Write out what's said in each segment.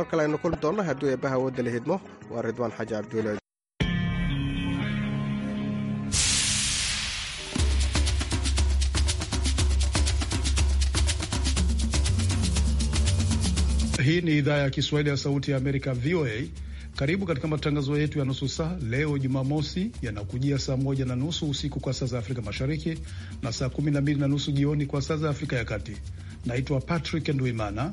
markale aynu kulmi doonno hadduu eebbaha la hidmo waa ridwaan xaaji cabduulaad Hii ni idhaa ya Kiswahili ya Sauti ya Amerika, VOA. Karibu katika matangazo yetu ya nusu saa leo Jumamosi, yanakujia saa moja na nusu usiku kwa saa za Afrika Mashariki na saa kumi na mbili na nusu jioni kwa saa za Afrika ya Kati. Naitwa Patrick Nduimana.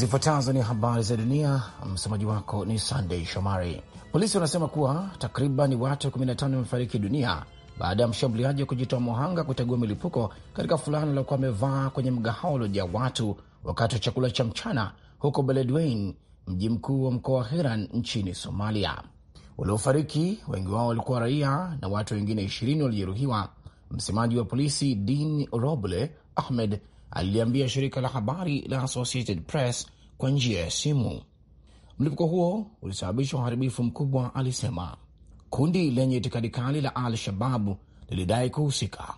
Zifuatazo ni habari za dunia, msomaji wako ni sandey Shomari. Polisi wanasema kuwa takriban watu 15 wamefariki dunia baada ya mshambuliaji wa kujitoa muhanga kutegua milipuko katika fulana aliokuwa amevaa kwenye mgahawa uliojaa watu wakati wa chakula cha mchana huko Beledweyne, mji mkuu wa mkoa wa Hiran nchini Somalia. Waliofariki wengi wao walikuwa raia na watu wengine 20 walijeruhiwa. Msemaji wa polisi Din Roble Ahmed aliliambia shirika la habari la Associated Press kwa njia ya simu. Mlipuko huo ulisababisha uharibifu mkubwa, alisema. Kundi lenye itikadi kali la Al Shababu lilidai kuhusika.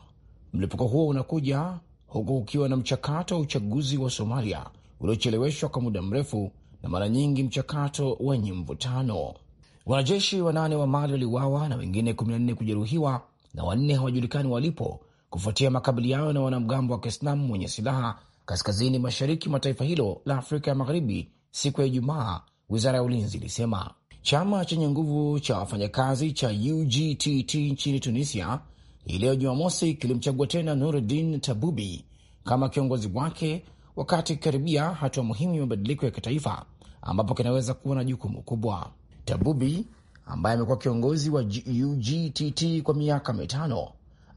Mlipuko huo unakuja huku ukiwa na mchakato wa uchaguzi wa Somalia uliocheleweshwa kwa muda mrefu na mara nyingi mchakato wenye mvutano. Wanajeshi wanane wa Mali waliuawa na wengine 14 kujeruhiwa na wanne hawajulikani walipo kufuatia makabiliano na wanamgambo wa Kiislamu wenye silaha kaskazini mashariki mwa taifa hilo la Afrika ya Magharibi siku ya Ijumaa, wizara ya ulinzi ilisema. Chama chenye nguvu cha wafanyakazi cha UGTT nchini Tunisia hii leo Jumamosi kilimchagua tena nureddin Tabubi kama kiongozi wake wakati kikaribia hatua muhimu ya mabadiliko ya kitaifa ambapo kinaweza kuwa na jukumu kubwa. Tabubi ambaye amekuwa kiongozi wa UGTT kwa miaka mitano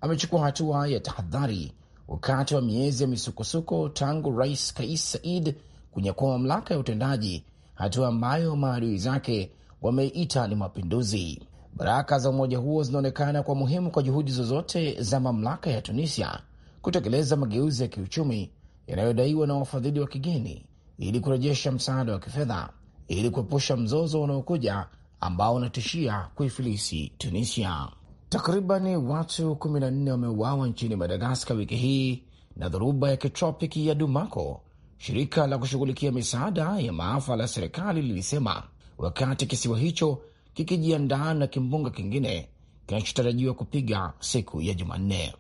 amechukua hatua ya tahadhari wakati wa miezi ya misukosuko tangu Rais Kais Said kunyakua mamlaka ya utendaji, hatua ambayo maadui zake wameita ni mapinduzi. Baraka za umoja huo zinaonekana kwa muhimu kwa juhudi zozote za mamlaka ya Tunisia kutekeleza mageuzi ya kiuchumi yanayodaiwa na wafadhili wa kigeni ili kurejesha msaada wa kifedha ili kuepusha mzozo unaokuja ambao unatishia kuifilisi Tunisia. Takribani watu 14 wameuawa nchini Madagaskar wiki hii na dhoruba ya kitropiki ya Dumako, shirika la kushughulikia misaada ya maafa la serikali lilisema, wakati kisiwa hicho kikijiandaa na kimbunga kingine kinachotarajiwa kupiga siku ya Jumanne.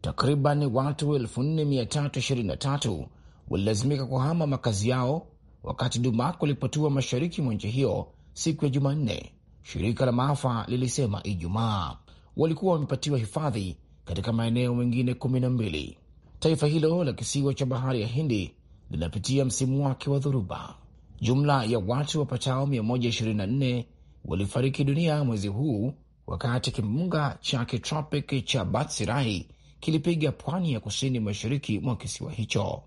Takriban watu 4323 walilazimika kuhama makazi yao wakati Dumako ilipotua mashariki mwa nchi hiyo siku ya Jumanne, shirika la maafa lilisema Ijumaa walikuwa wamepatiwa hifadhi katika maeneo mengine kumi na mbili. Taifa hilo la kisiwa cha bahari ya Hindi linapitia msimu wake wa dhoruba. Jumla ya watu wapatao 124 walifariki dunia mwezi huu wakati kimbunga cha kitropic cha Batsirai kilipiga pwani ya kusini mashariki mwa kisiwa hicho.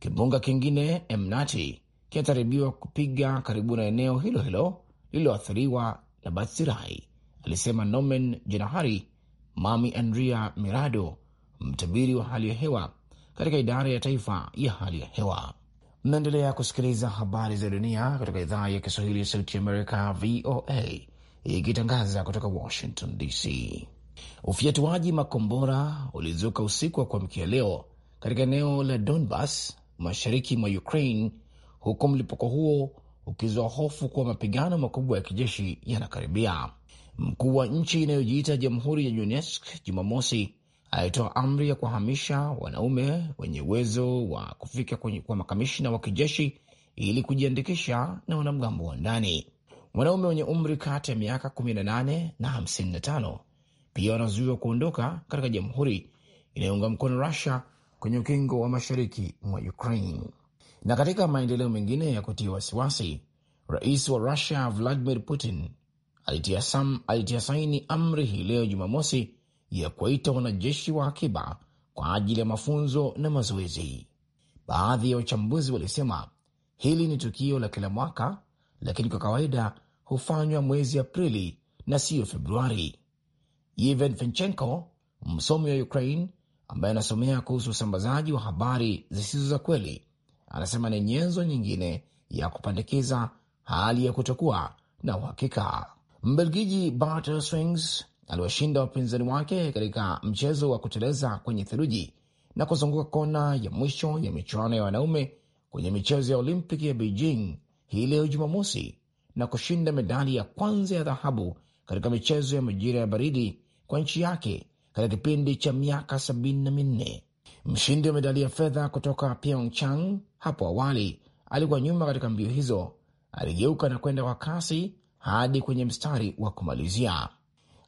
Kimbunga kingine Emnati kinataribiwa kupiga karibu na eneo hilo hilo lililoathiriwa na Batsirai alisema Nomen Jenahari Mami Andrea Mirado, mtabiri wa hali ya hewa katika idara ya taifa ya hali ya hewa. Mnaendelea kusikiliza habari za dunia kutoka idhaa ya Kiswahili ya Sauti Amerika, VOA, ikitangaza kutoka Washington DC. Ufyatuaji makombora ulizuka usiku wa kuamkia leo katika eneo la Donbas mashariki mwa Ukraine, huku mlipuko huo ukizoa hofu kuwa mapigano makubwa ya kijeshi yanakaribia. Mkuu wa nchi inayojiita Jamhuri ya juma Jumamosi alitoa amri ya kuwahamisha wanaume wenye uwezo wa kufika kwa makamishna wa kijeshi ili kujiandikisha na wanamgambo wa ndani. Wanaume wenye umri kati ya miaka 18 na 55 pia wanazuiwa kuondoka katika jamhuri inayounga mkono Rusia kwenye ukingo wa mashariki mwa Ukraine. Na katika maendeleo mengine ya kutia wasiwasi, rais wa Rusia Vladimir Putin alitia, sam, alitia saini amri hii leo Jumamosi ya kuwaita wanajeshi wa akiba kwa ajili ya mafunzo na mazoezi. Baadhi ya wachambuzi walisema hili ni tukio la kila mwaka, lakini kwa kawaida hufanywa mwezi Aprili na siyo Februari. Ivan Fenchenko, msomi wa Ukraine ambaye anasomea kuhusu usambazaji wa habari zisizo za kweli, anasema ni nyenzo nyingine ya kupandikiza hali ya kutokuwa na uhakika. Mbelgiji Bart Swings aliwashinda wapinzani wake katika mchezo wa kuteleza kwenye theluji na kuzunguka kona ya mwisho ya michuano ya wanaume kwenye michezo ya Olimpiki ya Beijing hii leo Jumamosi, na kushinda medali ya kwanza ya dhahabu katika michezo ya majira ya baridi kwa nchi yake katika kipindi cha miaka sabini na minne. Mshindi wa medali ya fedha kutoka Pyeongchang hapo awali alikuwa nyuma katika mbio hizo, aligeuka na kwenda kwa kasi hadi kwenye mstari wa kumalizia.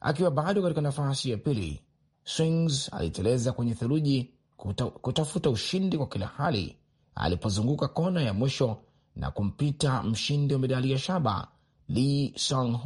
Akiwa bado katika nafasi ya pili, Swings aliteleza kwenye theluji kuta, kutafuta ushindi kwa kila hali alipozunguka kona ya mwisho na kumpita mshindi wa medali ya shaba Lee sang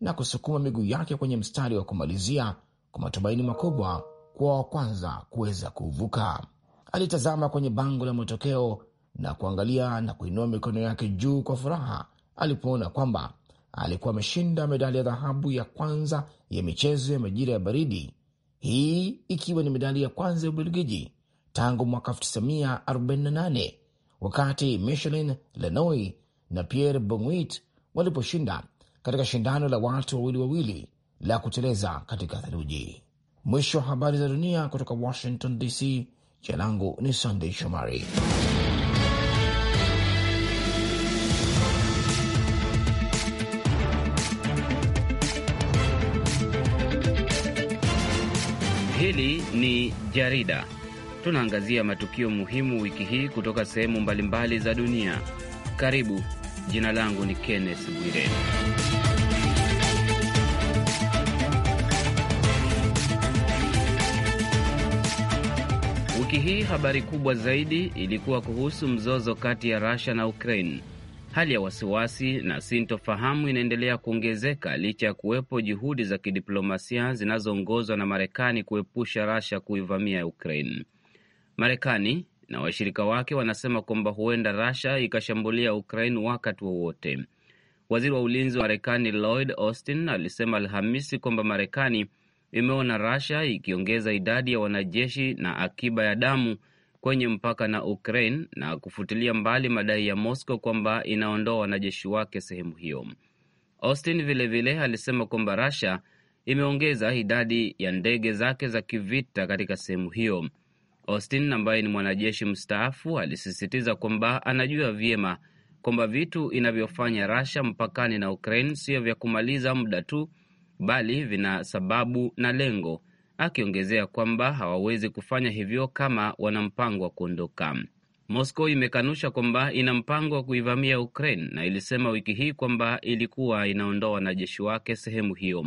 na kusukuma miguu yake kwenye mstari wa kumalizia kwa matumaini makubwa kuwa wa kwanza kuweza kuvuka. Alitazama kwenye bango la matokeo na kuangalia na kuinua mikono yake juu kwa furaha alipoona kwamba alikuwa ameshinda medali ya dhahabu ya kwanza ya michezo ya majira ya baridi, hii ikiwa ni medali ya kwanza ya Ubelgiji tangu mwaka 1948 wakati Michelin Lenoy na Pierre Bonguit waliposhinda katika shindano la watu wawili wawili la kuteleza katika theluji. Mwisho wa habari za dunia kutoka Washington DC. Jina langu ni Sandey Shomari. Hili ni jarida, tunaangazia matukio muhimu wiki hii kutoka sehemu mbalimbali za dunia. Karibu, jina langu ni Kenneth Bwire. Wiki hii habari kubwa zaidi ilikuwa kuhusu mzozo kati ya Russia na Ukraine. Hali ya wasiwasi na sintofahamu inaendelea kuongezeka licha ya kuwepo juhudi za kidiplomasia zinazoongozwa na Marekani kuepusha Rasha kuivamia Ukraine. Marekani na washirika wake wanasema kwamba huenda Rasha ikashambulia Ukraine wakati wowote wa Waziri wa ulinzi wa Marekani Lloyd Austin alisema Alhamisi kwamba Marekani imeona Rasha ikiongeza idadi ya wanajeshi na akiba ya damu kwenye mpaka na Ukraine na kufutilia mbali madai ya Moscow kwamba inaondoa wanajeshi wake sehemu hiyo. Austin vilevile vile alisema kwamba Russia imeongeza idadi ya ndege zake za kivita katika sehemu hiyo. Austin ambaye ni mwanajeshi mstaafu alisisitiza kwamba anajua vyema kwamba vitu inavyofanya Russia mpakani na Ukraine sio vya kumaliza muda tu, bali vina sababu na lengo akiongezea kwamba hawawezi kufanya hivyo kama wana mpango wa kuondoka. Moscow imekanusha kwamba ina mpango wa kuivamia Ukraine na ilisema wiki hii kwamba ilikuwa inaondoa wanajeshi wake sehemu hiyo.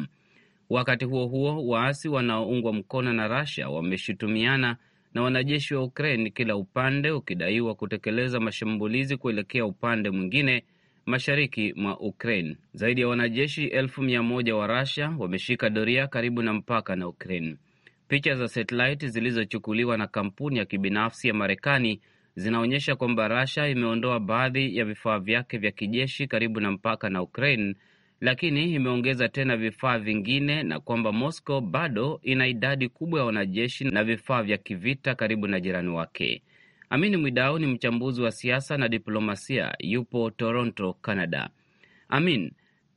Wakati huo huo, waasi wanaoungwa mkono na Russia wameshutumiana na wanajeshi wa Ukraine, kila upande ukidaiwa kutekeleza mashambulizi kuelekea upande mwingine mashariki mwa Ukraine. Zaidi ya wanajeshi elfu mia moja wa Russia wameshika doria karibu na mpaka na Ukraine. Picha za satelaiti zilizochukuliwa na kampuni ya kibinafsi ya Marekani zinaonyesha kwamba rasha imeondoa baadhi ya vifaa vyake vya kijeshi karibu na mpaka na Ukraine, lakini imeongeza tena vifaa vingine na kwamba Moscow bado ina idadi kubwa ya wanajeshi na vifaa vya kivita karibu na jirani wake. Amin Mwidau ni mchambuzi wa siasa na diplomasia, yupo Toronto, Canada. Amin,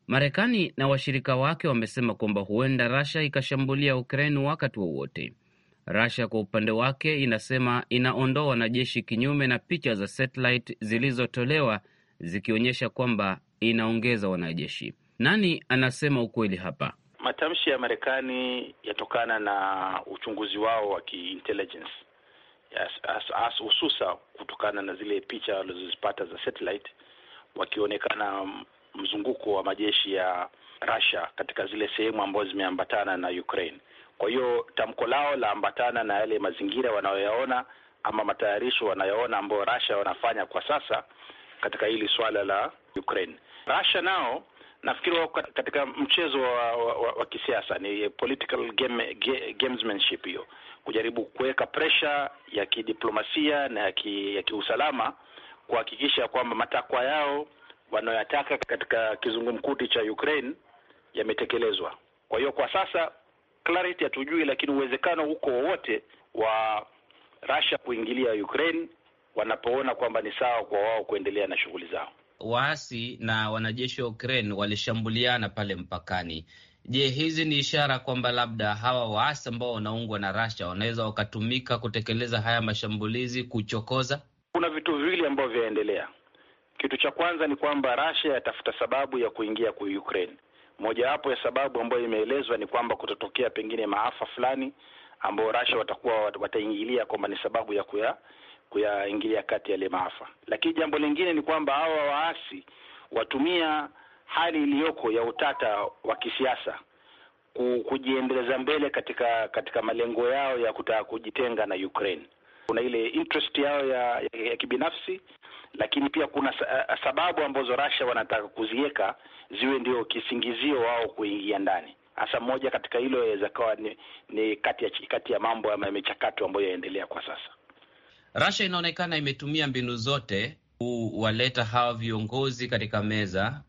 Marekani na washirika wake wamesema kwamba huenda Rasha ikashambulia ukrain wakati wowote. Rasha kwa upande wake inasema inaondoa wanajeshi, kinyume na picha za satellite zilizotolewa zikionyesha kwamba inaongeza wanajeshi. Nani anasema ukweli hapa? Matamshi ya Marekani yatokana na uchunguzi wao wa kiintelligence hususa kutokana na zile picha walizozipata za satellite, wakionekana mzunguko wa majeshi ya Russia katika zile sehemu ambazo zimeambatana na Ukraine. Kwa hiyo tamko lao laambatana na yale mazingira wanayoyaona ama matayarisho wanayoona ambayo Russia wanafanya kwa sasa katika hili swala la Ukraine. Russia nao nafikiri wako katika mchezo wa, wa, wa, wa kisiasa, ni political game, gamesmanship hiyo, kujaribu kuweka presha ya kidiplomasia na ya kiusalama kuhakikisha kwamba matakwa yao wanayoyataka katika kizungumkuti cha Ukraine yametekelezwa. Kwa hiyo kwa sasa clarity hatujui, lakini uwezekano huko wowote wa Russia kuingilia Ukraine wanapoona kwamba ni sawa kwa wao kuendelea na shughuli zao waasi na wanajeshi wa Ukraine walishambuliana pale mpakani. Je, hizi ni ishara kwamba labda hawa waasi ambao wanaungwa na Russia wanaweza wakatumika kutekeleza haya mashambulizi kuchokoza? Kuna vitu viwili ambavyo vyaendelea. Kitu cha kwanza ni kwamba Russia yatafuta sababu ya kuingia kwa Ukraine. Mojawapo ya sababu ambayo imeelezwa ni kwamba kutatokea pengine maafa fulani ambao Russia watakuwa wataingilia kwamba ni sababu ya kuya kuyaingilia kati yale maafa. Lakini jambo lingine ni kwamba hawa waasi watumia hali iliyoko ya utata wa kisiasa kujiendeleza mbele katika katika malengo yao ya kutaka kujitenga na Ukraine. Kuna ile interest yao ya, ya, ya kibinafsi, lakini pia kuna sababu ambazo Russia wanataka kuziweka ziwe ndio kisingizio wao kuingia ndani. Hasa moja katika hilo yaweza kawa ni, ni kati ya kati ya mambo ya michakato ambayo yaendelea kwa sasa. Russia inaonekana imetumia mbinu zote kuwaleta hawa viongozi katika meza,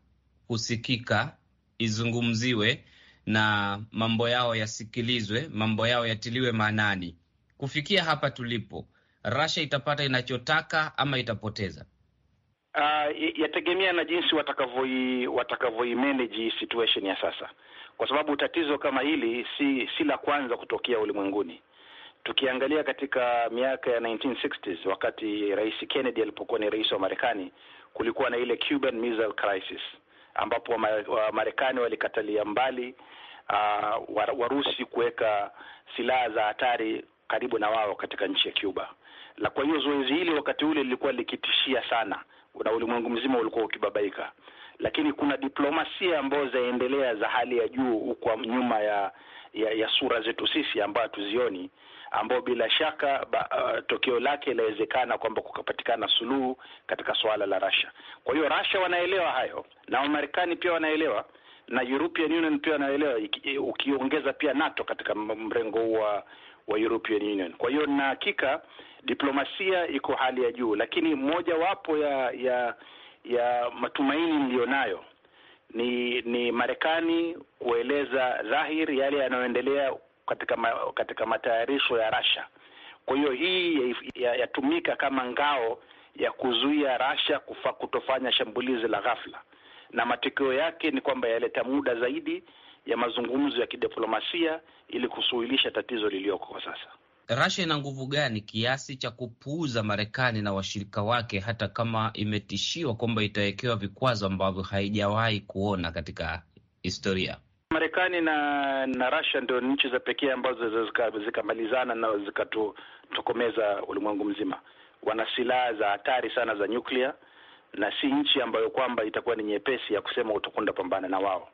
kusikika, izungumziwe na mambo yao yasikilizwe, mambo yao yatiliwe maanani. Kufikia hapa tulipo, Russia itapata inachotaka ama itapoteza? Uh, yategemea na jinsi watakavyoi watakavyoimanage manage situation ya sasa, kwa sababu tatizo kama hili si si la kwanza kutokea ulimwenguni. Tukiangalia katika miaka ya 1960s wakati Rais Kennedy alipokuwa ni rais wa Marekani, kulikuwa na ile Cuban Missile Crisis ambapo Wamarekani walikatalia mbali uh, Warusi kuweka silaha za hatari karibu na wao katika nchi ya Cuba. La, kwa hiyo zoezi hili wakati ule lilikuwa likitishia sana na ulimwengu mzima ulikuwa ukibabaika lakini kuna diplomasia ambazo zaendelea za hali ya juu huko nyuma ya, ya ya sura zetu sisi ambayo hatuzioni, ambao bila shaka ba, uh, tokeo lake inawezekana kwamba kukapatikana suluhu katika suala la Russia. Kwa hiyo Russia wanaelewa hayo na Wamarekani pia wanaelewa na European Union pia wanaelewa, e, ukiongeza pia NATO katika mrengo huu wa wa European Union. Kwa hiyo na hakika diplomasia iko hali ya juu, lakini mojawapo ya ya ya matumaini mlionayo ni ni Marekani kueleza dhahiri yale yanayoendelea katika ma, katika matayarisho ya Russia. Kwa hiyo hii yatumika ya kama ngao ya kuzuia Russia kufa kutofanya shambulizi la ghafla, na matokeo yake ni kwamba yaleta muda zaidi ya mazungumzo ya kidiplomasia ili kusuluhisha tatizo liliyoko kwa sasa. Rasia ina nguvu gani kiasi cha kupuuza Marekani na washirika wake, hata kama imetishiwa kwamba itawekewa vikwazo ambavyo haijawahi kuona katika historia? Marekani na na Russia ndio nchi za pekee ambazo zikamalizana na zikatokomeza ulimwengu mzima. Wana silaha za hatari sana za nyuklia, na si nchi ambayo kwamba itakuwa ni nyepesi ya kusema utakwenda pambana na wao.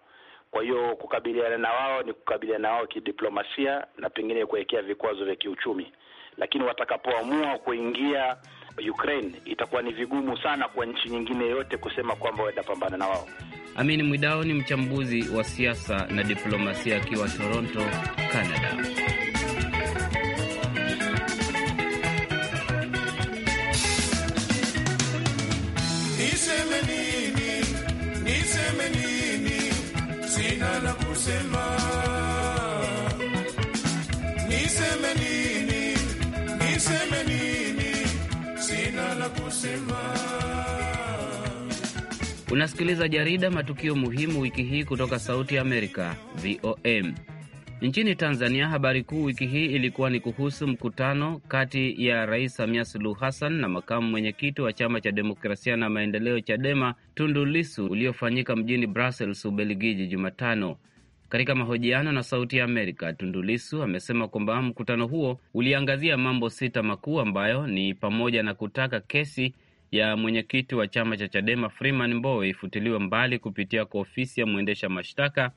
Kwa hiyo kukabiliana na wao ni kukabiliana na wao kidiplomasia na pengine kuwekea vikwazo vya kiuchumi, lakini watakapoamua kuingia Ukraine itakuwa ni vigumu sana kwa nchi nyingine yoyote kusema kwamba watapambana na wao. Amin Mwidao ni mchambuzi wa siasa na diplomasia akiwa Toronto, Canada. Unasikiliza jarida matukio muhimu wiki hii kutoka Sauti ya Amerika, VOM. Nchini Tanzania, habari kuu wiki hii ilikuwa ni kuhusu mkutano kati ya Rais Samia Suluhu Hassan na makamu mwenyekiti wa chama cha demokrasia na maendeleo, CHADEMA, Tundu Lisu, uliofanyika mjini Brussels, Ubelgiji, Jumatano. Katika mahojiano na Sauti ya Amerika, Tundu amesema kwamba mkutano huo uliangazia mambo sita makuu ambayo ni pamoja na kutaka kesi ya mwenyekiti wa chama cha Chadema Freeman Mbowe ifutiliwe mbali kupitia kwa ofisi ya mwendesha mashtaka,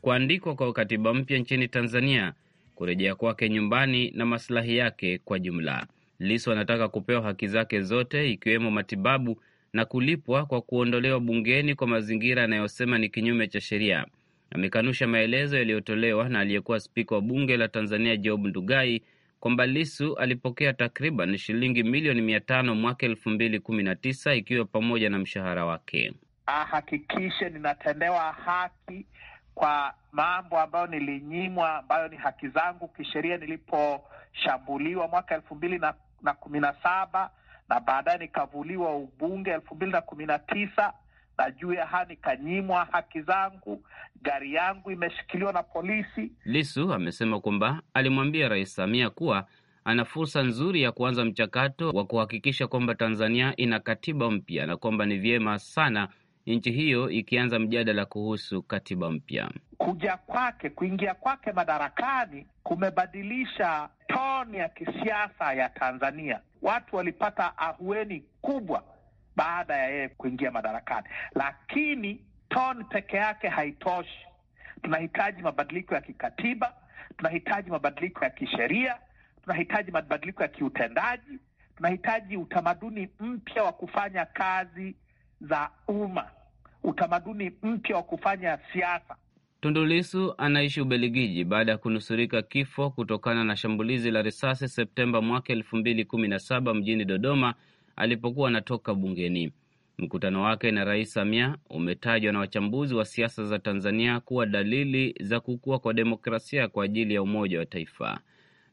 kuandikwa kwa katiba mpya nchini Tanzania, kurejea kwake nyumbani na masilahi yake kwa jumla. Lissu anataka kupewa haki zake zote ikiwemo matibabu na kulipwa kwa kuondolewa bungeni kwa mazingira yanayosema ni kinyume cha sheria. Amekanusha maelezo yaliyotolewa na aliyekuwa spika wa bunge la Tanzania Job Ndugai kwamba Lisu alipokea takriban shilingi milioni mia tano mwaka elfu mbili kumi na tisa ikiwa pamoja na mshahara wake. Ahakikishe ninatendewa haki kwa mambo ambayo nilinyimwa, ambayo ni haki zangu kisheria niliposhambuliwa mwaka elfu mbili na kumi na saba na baadaye nikavuliwa ubunge elfu mbili na kumi na tisa najua hani nikanyimwa haki zangu, gari yangu imeshikiliwa na polisi. Lisu amesema kwamba alimwambia Rais Samia kuwa ana fursa nzuri ya kuanza mchakato wa kuhakikisha kwamba Tanzania ina katiba mpya na kwamba ni vyema sana nchi hiyo ikianza mjadala kuhusu katiba mpya. Kuja kwake, kuingia kwake madarakani kumebadilisha toni ya kisiasa ya Tanzania. Watu walipata ahueni kubwa baada ya yeye kuingia madarakani, lakini ton peke yake haitoshi. Tunahitaji mabadiliko ya kikatiba, tunahitaji mabadiliko ya kisheria, tunahitaji mabadiliko ya kiutendaji, tunahitaji utamaduni mpya wa kufanya kazi za umma, utamaduni mpya wa kufanya siasa. Tundu Lissu anaishi Ubelgiji baada ya kunusurika kifo kutokana na shambulizi la risasi Septemba mwaka elfu mbili kumi na saba mjini Dodoma alipokuwa anatoka bungeni. Mkutano wake na Rais Samia umetajwa na wachambuzi wa siasa za Tanzania kuwa dalili za kukua kwa demokrasia kwa ajili ya umoja wa taifa.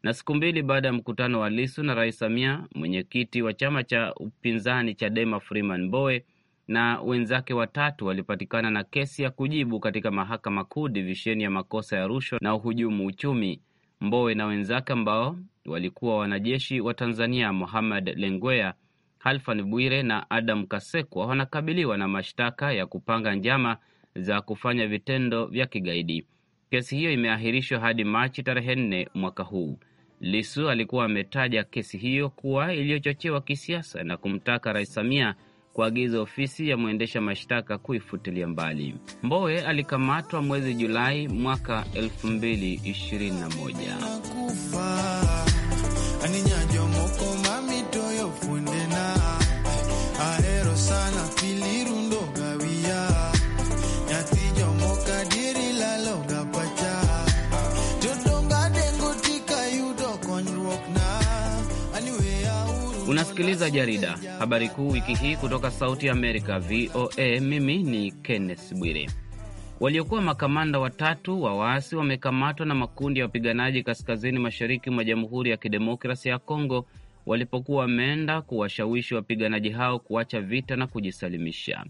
Na siku mbili baada ya mkutano wa Lisu na Rais Samia, mwenyekiti wa chama cha upinzani Chadema Freeman Mbowe na wenzake watatu walipatikana na kesi ya kujibu katika Mahakama Kuu divisheni ya makosa ya rushwa na uhujumu uchumi. Mbowe na wenzake ambao walikuwa wanajeshi wa Tanzania, muhamad Lengwea Halfan Bwire na Adam Kasekwa wanakabiliwa na mashtaka ya kupanga njama za kufanya vitendo vya kigaidi. Kesi hiyo imeahirishwa hadi Machi tarehe nne mwaka huu. Lisu alikuwa ametaja kesi hiyo kuwa iliyochochewa kisiasa na kumtaka Rais Samia kuagiza ofisi ya mwendesha mashtaka kuifutilia mbali. Mbowe alikamatwa mwezi Julai mwaka 2021. unasikiliza jarida habari kuu wiki hii kutoka Sauti Amerika, VOA. Mimi ni Kenneth Bwire. Waliokuwa makamanda watatu wa waasi wamekamatwa na makundi ya wapiganaji kaskazini mashariki mwa Jamhuri ya Kidemokrasia ya Kongo walipokuwa wameenda kuwashawishi wapiganaji hao kuacha vita na kujisalimisha.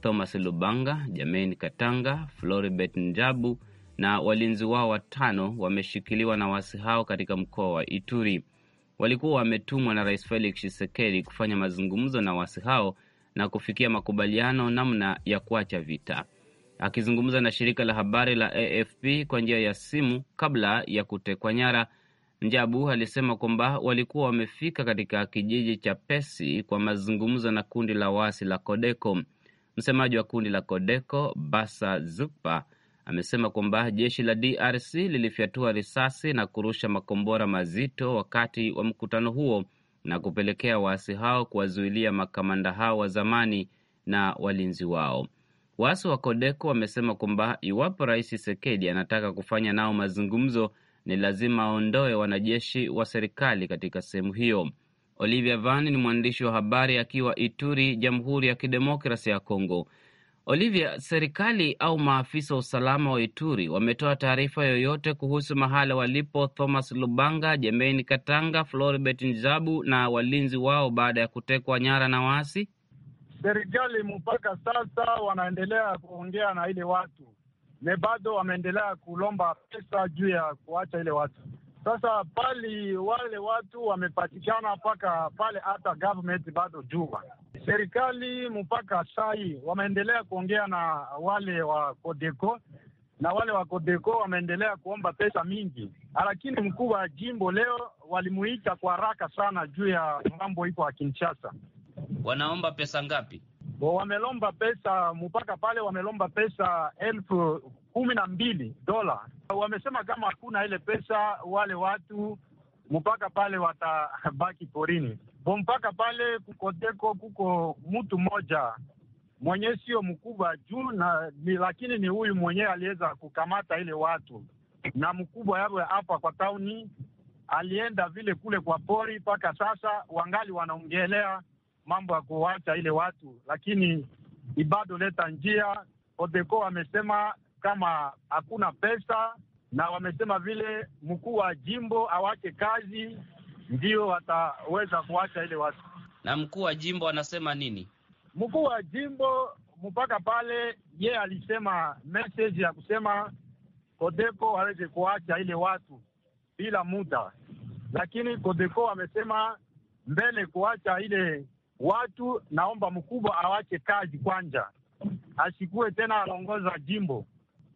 Thomas Lubanga, Jamain Katanga, floribet Njabu na walinzi wao watano wameshikiliwa na waasi hao katika mkoa wa Ituri walikuwa wametumwa na Rais Felix Tshisekedi kufanya mazungumzo na waasi hao na kufikia makubaliano namna ya kuacha vita. Akizungumza na shirika la habari la AFP kwa njia ya simu kabla ya kutekwa nyara, Njabu alisema kwamba walikuwa wamefika katika kijiji cha Pesi kwa mazungumzo na kundi la waasi la Kodeko. Msemaji wa kundi la Kodeko Basa Zukpa amesema kwamba jeshi la DRC lilifyatua risasi na kurusha makombora mazito wakati wa mkutano huo na kupelekea waasi hao kuwazuilia makamanda hao wa zamani na walinzi wao. Waasi wa Kodeko wamesema kwamba iwapo Rais Tshisekedi anataka kufanya nao mazungumzo, ni lazima aondoe wanajeshi wa serikali katika sehemu hiyo. Olivia Van ni mwandishi wa habari akiwa Ituri, Jamhuri ya Kidemokrasi ya Kongo. Olivia, serikali au maafisa wa usalama wa Ituri wametoa taarifa yoyote kuhusu mahala walipo Thomas Lubanga, Jemaine Katanga, Floribert Njabu na walinzi wao baada ya kutekwa nyara na waasi? Serikali mpaka sasa wanaendelea kuongea na ile watu ne, bado wameendelea kulomba pesa juu ya kuacha ile watu sasa pali wale watu wamepatikana mpaka pale, hata government bado juma serikali mpaka sai wameendelea kuongea na wale wa Kodeko na wale wa Kodeko wameendelea kuomba pesa mingi, lakini mkuu wa jimbo leo walimuita kwa haraka sana juu ya mambo iko ya Kinshasa. Wanaomba pesa ngapi? Wamelomba pesa mpaka pale, wamelomba pesa elfu kumi na mbili dola. Wamesema kama hakuna ile pesa, wale watu mpaka pale watabaki porini bo, mpaka pale kukoteko kuko mtu mmoja mwenyewe sio mkubwa juu na ni, lakini ni huyu mwenyewe aliweza kukamata ile watu na mkubwa yawe hapa kwa tauni alienda vile kule kwa pori. Mpaka sasa wangali wanaongelea mambo ya kuwacha ile watu, lakini ibado leta njia Odeko amesema kama hakuna pesa, na wamesema vile mkuu wa jimbo awache kazi ndio wataweza kuacha ile watu. Na mkuu wa jimbo anasema nini? Mkuu wa jimbo mpaka pale ye alisema message ya kusema Kodeko aweze kuacha ile watu bila muda, lakini Kodeko amesema mbele kuacha ile watu, naomba mkubwa awache kazi kwanja, asikuwe tena anaongoza jimbo.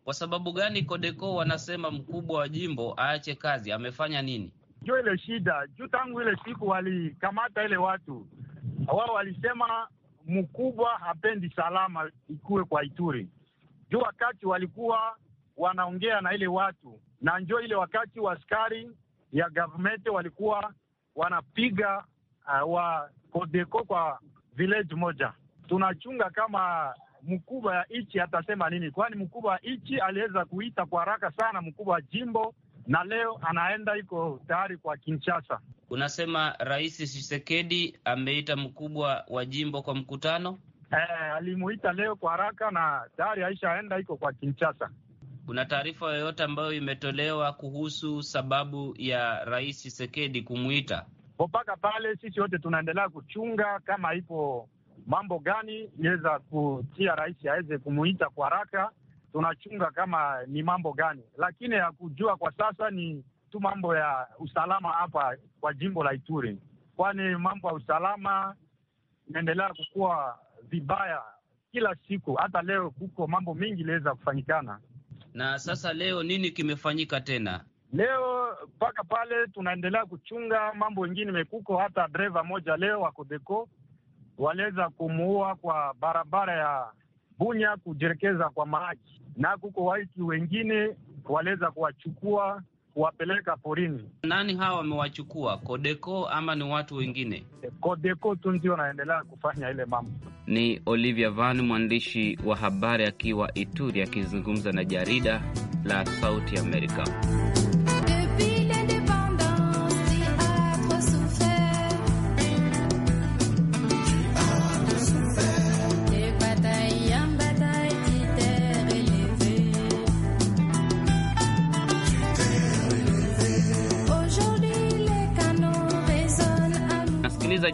Kwa sababu gani Codeco wanasema mkubwa wa jimbo aache kazi? Amefanya nini? Ndio ile shida juu, tangu ile siku walikamata ile watu wao, walisema mkubwa hapendi salama ikuwe kwa Ituri, juu wakati walikuwa wanaongea na ile watu, na njo ile wakati waskari ya government walikuwa wanapiga uh, wa Codeco kwa village moja tunachunga kama mkubwa ya nchi atasema nini, kwani mkubwa wa nchi aliweza kuita kwa haraka sana mkubwa wa jimbo, na leo anaenda iko tayari kwa Kinshasa. Unasema Rais Tshisekedi ameita mkubwa wa jimbo kwa mkutano? Eh, alimuita leo kwa haraka na tayari aishaenda iko kwa Kinshasa. Kuna taarifa yoyote ambayo imetolewa kuhusu sababu ya Rais Tshisekedi kumwita? Mpaka pale sisi wote tunaendelea kuchunga kama ipo mambo gani niweza kutia rais aweze kumuita kwa haraka, tunachunga kama ni mambo gani, lakini ya kujua kwa sasa ni tu mambo ya usalama hapa kwa jimbo la Ituri, kwani mambo ya usalama inaendelea kukua vibaya kila siku. Hata leo kuko mambo mengi iliweza kufanyikana. Na sasa leo nini kimefanyika tena? Leo mpaka pale tunaendelea kuchunga mambo ingine mekuko, hata dreva moja leo wa waliweza kumuua kwa barabara ya Bunya kujirekeza kwa maji, na kuko waiti wengine waliweza kuwachukua kuwapeleka porini. Nani hawa wamewachukua? Kodeko ama ni watu wengine? Kodeko tu ndio wanaendelea kufanya ile mambo. Ni Olivia Van, mwandishi wa habari akiwa Ituri, akizungumza na jarida la Sauti Amerika.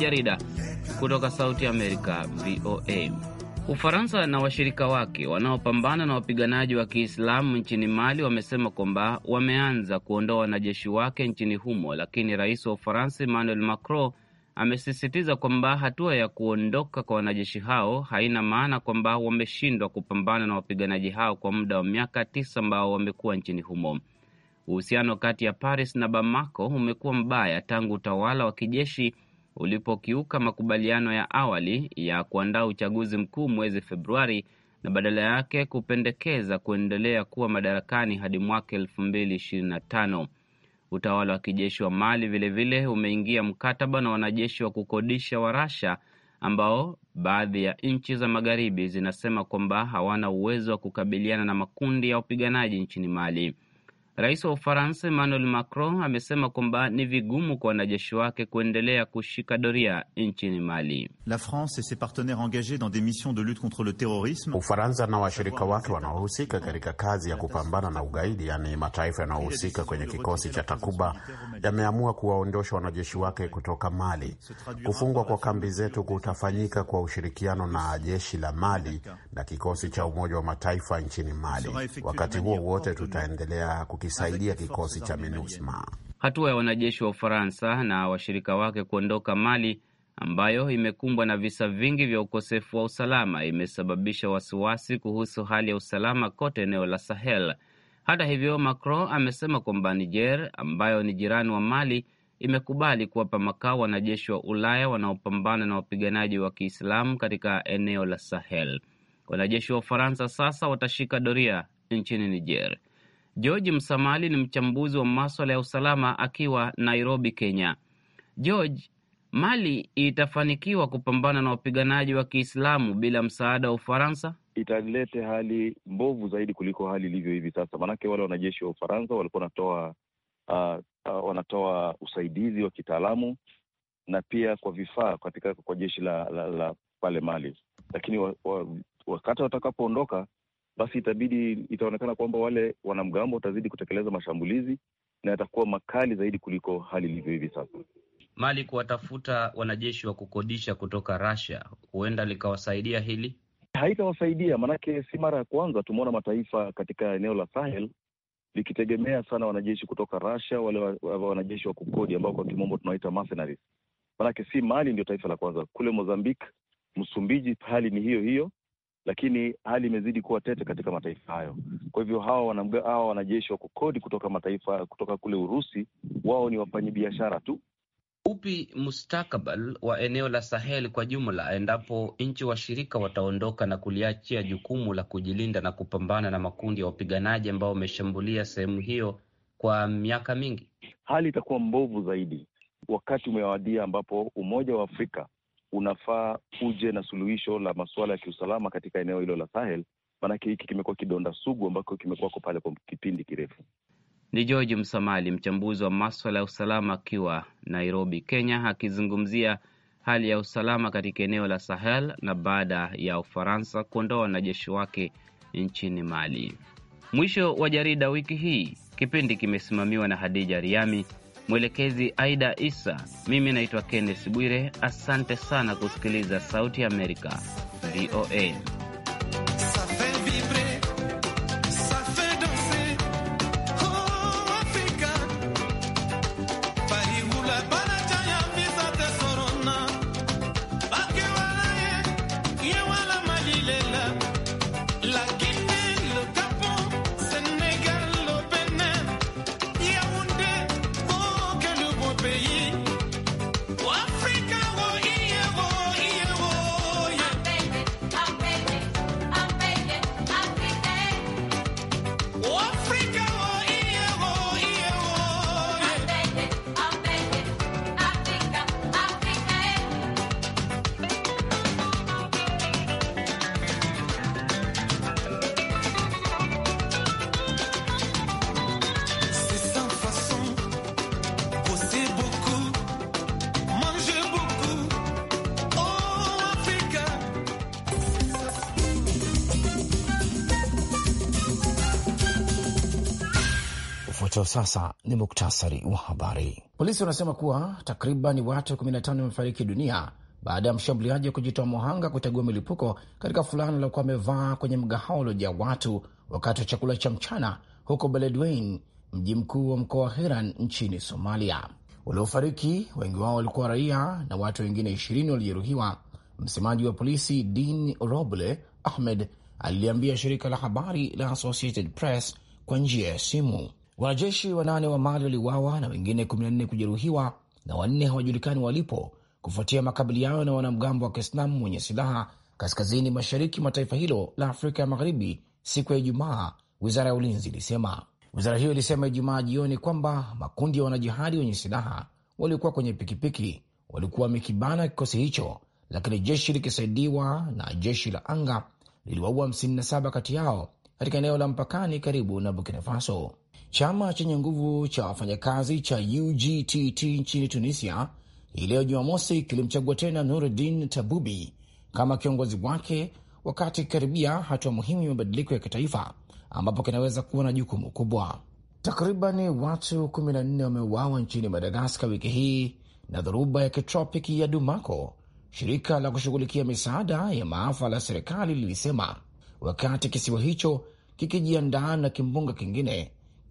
jarida kutoka Sauti Amerika, VOA. Ufaransa na washirika wake wanaopambana na wapiganaji wa Kiislamu nchini Mali wamesema kwamba wameanza kuondoa wanajeshi wake nchini humo, lakini rais wa Ufaransa Emmanuel Macron amesisitiza kwamba hatua ya kuondoka kwa wanajeshi hao haina maana kwamba wameshindwa kupambana na wapiganaji hao kwa muda wa miaka tisa ambao wamekuwa nchini humo. Uhusiano kati ya Paris na Bamako umekuwa mbaya tangu utawala wa kijeshi ulipokiuka makubaliano ya awali ya kuandaa uchaguzi mkuu mwezi Februari na badala yake kupendekeza kuendelea kuwa madarakani hadi mwaka elfu mbili ishirini na tano. Utawala wa kijeshi wa Mali vilevile vile umeingia mkataba na wanajeshi wa kukodisha wa Rasha ambao baadhi ya nchi za magharibi zinasema kwamba hawana uwezo wa kukabiliana na makundi ya wapiganaji nchini Mali. Rais wa Ufaransa Emmanuel Macron amesema kwamba ni vigumu kwa wanajeshi wake kuendelea kushika doria nchini Mali. La France et ses partenaires engagés dans des missions de lutte contre le terrorisme. Ufaransa na washirika wake wanaohusika katika kazi ya kupambana na ugaidi, yaani mataifa yanayohusika kwenye kikosi cha Takuba yameamua kuwaondosha wanajeshi wake kutoka Mali. Kufungwa kwa kambi zetu kutafanyika kwa ushirikiano na jeshi la Mali na kikosi cha Umoja wa Mataifa nchini Mali. Wakati huo wote tutaendelea wakisaidia kikosi cha MINUSMA. Hatua ya wanajeshi wa Ufaransa na washirika wake kuondoka Mali, ambayo imekumbwa na visa vingi vya ukosefu wa usalama, imesababisha wasiwasi kuhusu hali ya usalama kote eneo la Sahel. Hata hivyo, Macron amesema kwamba Niger, ambayo ni jirani wa Mali, imekubali kuwapa makao wanajeshi wa Ulaya wanaopambana na wapiganaji wa Kiislamu katika eneo la Sahel. Wanajeshi wa Ufaransa sasa watashika doria nchini Niger. George Msamali ni mchambuzi wa maswala ya usalama akiwa Nairobi, Kenya. George, Mali itafanikiwa kupambana na wapiganaji wa Kiislamu bila msaada wa Ufaransa? Italete hali mbovu zaidi kuliko hali ilivyo hivi sasa, maanake wale wanajeshi wa Ufaransa walikuwa wanatoa uh, uh, wanatoa usaidizi wa kitaalamu na pia kwa vifaa katika kwa jeshi la, la, la pale Mali, lakini wakati wa, wakati watakapoondoka basi itabidi itaonekana kwamba wale wanamgambo watazidi kutekeleza mashambulizi na yatakuwa makali zaidi kuliko hali ilivyo hivi sasa. Mali kuwatafuta wanajeshi wa kukodisha kutoka Russia huenda likawasaidia hili, haitawasaidia maanake, si mara ya kwanza tumeona mataifa katika eneo la Sahel likitegemea sana wanajeshi kutoka Russia, wale wa, wa, wanajeshi wa kukodi ambao kwa kimombo tunawaita mercenaries. Maanake si Mali ndio taifa la kwanza, kule Mozambique, Msumbiji, hali ni hiyo hiyo lakini hali imezidi kuwa tete katika mataifa hayo. Kwa hivyo hawa hawa wanajeshi wa kukodi kutoka mataifa kutoka kule Urusi, wao ni wafanyabiashara tu. Upi mustakabali wa eneo la Sahel kwa jumla endapo nchi washirika wataondoka na kuliachia jukumu la kujilinda na kupambana na makundi ya wapiganaji ambao wameshambulia sehemu hiyo kwa miaka mingi? Hali itakuwa mbovu zaidi. Wakati umewadia ambapo Umoja wa Afrika unafaa uje na suluhisho la masuala ya kiusalama katika eneo hilo la Sahel, maanake hiki kimekuwa kidonda sugu ambako kimekuwako pale kwa kipindi kirefu. Ni George Msamali, mchambuzi wa maswala ya usalama, akiwa Nairobi, Kenya, akizungumzia hali ya usalama katika eneo la Sahel na baada ya Ufaransa kuondoa wanajeshi wake nchini Mali. Mwisho wa jarida wiki hii. Kipindi kimesimamiwa na Hadija Riami mwelekezi Aida Isa. Mimi naitwa Kenneth Bwire, asante sana kusikiliza Sauti ya Amerika, VOA. Zifuatazo sasa ni muktasari wa habari. Polisi wanasema kuwa takriban watu 15 wamefariki dunia baada ya mshambuliaji wa kujitoa muhanga kutegua milipuko katika fulana aliokuwa amevaa kwenye mgahawa uliojaa watu wakati wa chakula cha mchana huko Beledweyne, mji mkuu wa mkoa wa Hiran nchini Somalia. Waliofariki wengi wao walikuwa raia na watu wengine ishirini walijeruhiwa. Msemaji wa polisi Din Roble Ahmed aliliambia shirika la habari la Associated Press kwa njia ya simu. Wanajeshi wanane wa Mali waliuawa na wengine 14 kujeruhiwa na wanne hawajulikani walipo kufuatia makabiliano na wanamgambo wa Kiislamu wenye silaha kaskazini mashariki mwa taifa hilo la Afrika ya Magharibi siku ya Ijumaa, wizara ya ulinzi ilisema. Wizara hiyo ilisema Ijumaa jioni kwamba makundi ya wanajihadi wenye silaha waliokuwa kwenye pikipiki walikuwa wamekibana kikosi hicho, lakini jeshi likisaidiwa na jeshi la anga liliwaua 57 kati yao katika eneo la mpakani karibu na Burkina Faso. Chama chenye nguvu cha wafanyakazi cha UGTT nchini Tunisia hii leo Jumamosi kilimchagua tena Nuruddin Tabubi kama kiongozi wake, wakati kikaribia hatua muhimu ya mabadiliko ya kitaifa ambapo kinaweza kuwa na jukumu kubwa. Takriban watu 14 wameuawa nchini Madagaskar wiki hii na dhoruba ya kitropiki ya Dumako, shirika la kushughulikia misaada ya maafa la serikali lilisema, wakati kisiwa hicho kikijiandaa na kimbunga kingine